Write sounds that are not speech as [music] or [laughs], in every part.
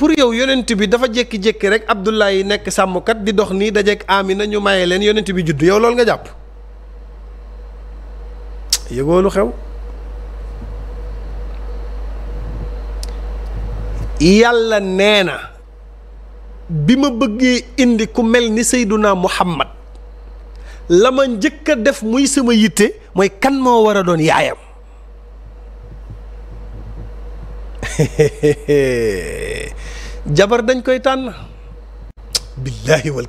pour yow yonent bi dafa jékki-jékki rek Abdoulaye nekk sàmmkat di dox nii dajeeg Amina ñu maye leen yonent bi judd yow loolu nga jàpp yëgoo lu xew yàlla nee na bi ma bëggee indi ku mel ni Seyduna Muhammad la ma njëkk a def muy sama yitte mooy kan moo war a doon yaayam [laughs] jabar dañ koy tànn billaahi wal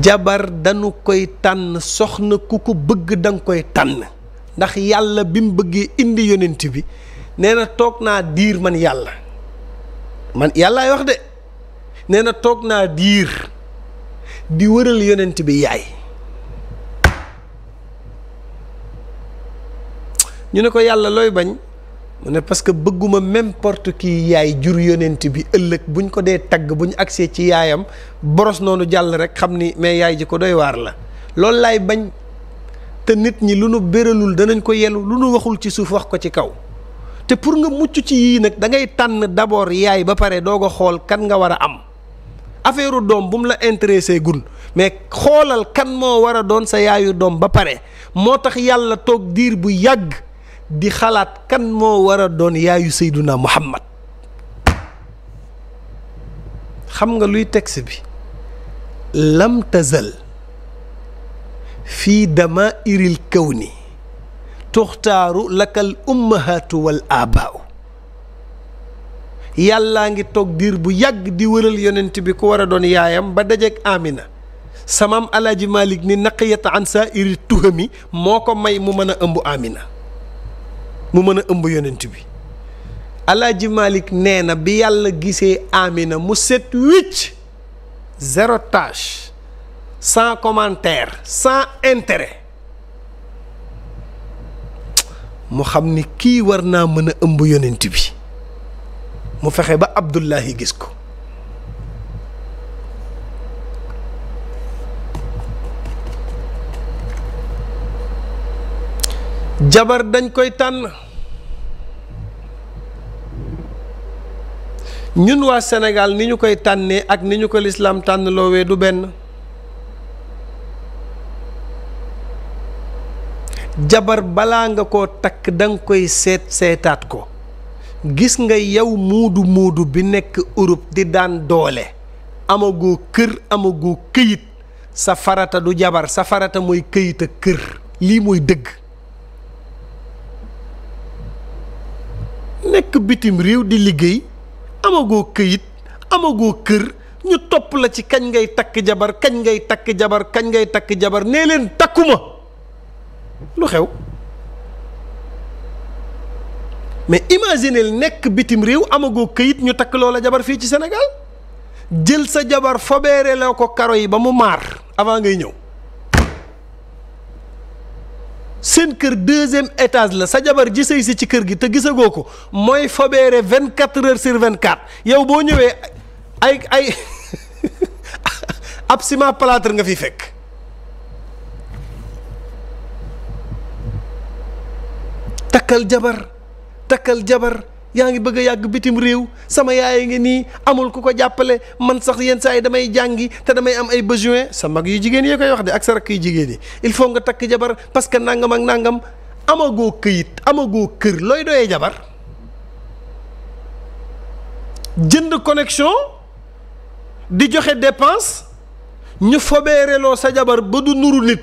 jabar dañu koy tànn soxna ku ko bëgg danga koy tànn ndax yàlla bi mu bëggee indi yonent bi nee na toog naa diir man yàlla man yàllaay wax de nee na toog naa diir di wëral yonent bi yaay ñu ne ko yàlla looy bañ mu ne parce que bëgguma n'importe qui yaay jur yonent bi ëllëg buñ ko dee tagg ñu agsee ci yaayam boros noonu jàll rek xam ni mais yaay ji ko doy waar la loolu laay bañ te nit ñi lu nu béralul danañ ko yelu lu nu waxul ci suuf wax ko ci kaw te pour nga mucc ci yii nag da ngay tànn d'abord yaay ba pare doo ko xool kan nga war a am affaire doom bu mu la intéressé gun mais xoolal kan moo war a doon sa yaayu doom ba pare moo tax yàlla toog diir bu yàgg di xalaat kan moo war a doon yaayu Seyduna Muhammad xam nga luy texte bi fii dama fii damaa'iril ni tuxtaaru lakkal ummahaatu wal aabaau yàllaa ngi toog diir bu yàgg di wëral yonent bi ku war a doon yaayam ba dajeeg Amina samaam alaaji Malik ni naqiyat an saa iri tuhami moo ko may mu mën a ëmb Amina mu mën a ëmb yonent bi alaaji Malick nee na bi yàlla gisee Amina mu set wicc zéro tâche sans commentaire sans intérêt mu xam ni kii war naa mën a ëmb yonent bi mu fexe ba Abdullahi gis ko jabar dañ koy tànn ñun waa senegaal ni ñu koy tànnee ak ni ñu ko lislaam tànn loowee du benn jabar balaa nga koo takk danga koy seet seetaat ko gis nga yow muudu muudu bi nekk Europe di daan doole amagoo kër amagoo këyit sa farata du jabar sa farata mooy këyit kër lii mooy dëgg nekk bitim réew di liggéey amagoo këyit amagoo kër ñu topp la ci kañ ngay takk jabar kañ ngay takk jabar kañ ngay takk jabar nee leen takkuma lu xew mais imaginez nekk bitim réew amagoo këyit ñu takk loola jabar fii ci senegal jël sa jabar fobeere ko karo yi ba mu maar avant ngay ñëw seen kër deuxième étage la sa jabar ji sëy si ci kër gi te gisagoo ko mooy fobeere vingt quatre heures sur vingt quatre yow boo ñëwee ay ay [laughs] ab ciment plâtre nga fi fekk takkal jabar takkal jabar yaa ngi bëgg a yàgg bitim réew sama yaay a ngi nii amul ku ko jàppale man sax yenn saa yi damay jàngi te damay am ay besoin sa mag yu jigéen yee koy wax de ak sa rakk yu jigéen il faut nga takk jabar parce que nangam ak nangam amagoo këyit amagoo kër looy doyee jabar jënd connexion di joxe dépense ñu fobeereloo sa jabar ba du nuru nit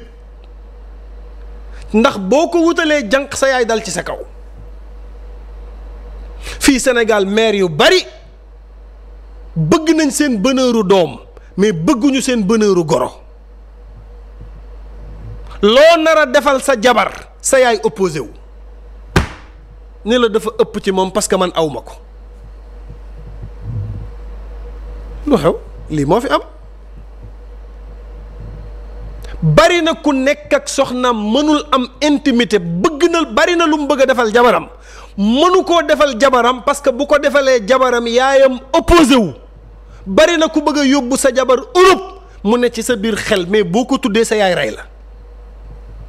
ndax boo ko wutalee jànq sa yaay dal ci sa kaw fii senegal maire yu bari bëgg nañ seen bëneeru doom mais bëgguñu seen bëneeru goro loo nar a defal sa jabar sa yaay opposé wu ni la dafa ëpp ci moom parce que man awma ko lu xew lii moo fi am bari na ku nekk ak soxnaam mënul am intimité bëgg na bari na lu mu bëgg a defal jabaram mënu koo defal jabaram parce que bu ko defalee jabaram yaayam opposé wu bari na ku bëgg a yóbbu sa jabar Europe mu ne ci sa biir xel mais boo ko tuddee sa yaay rey la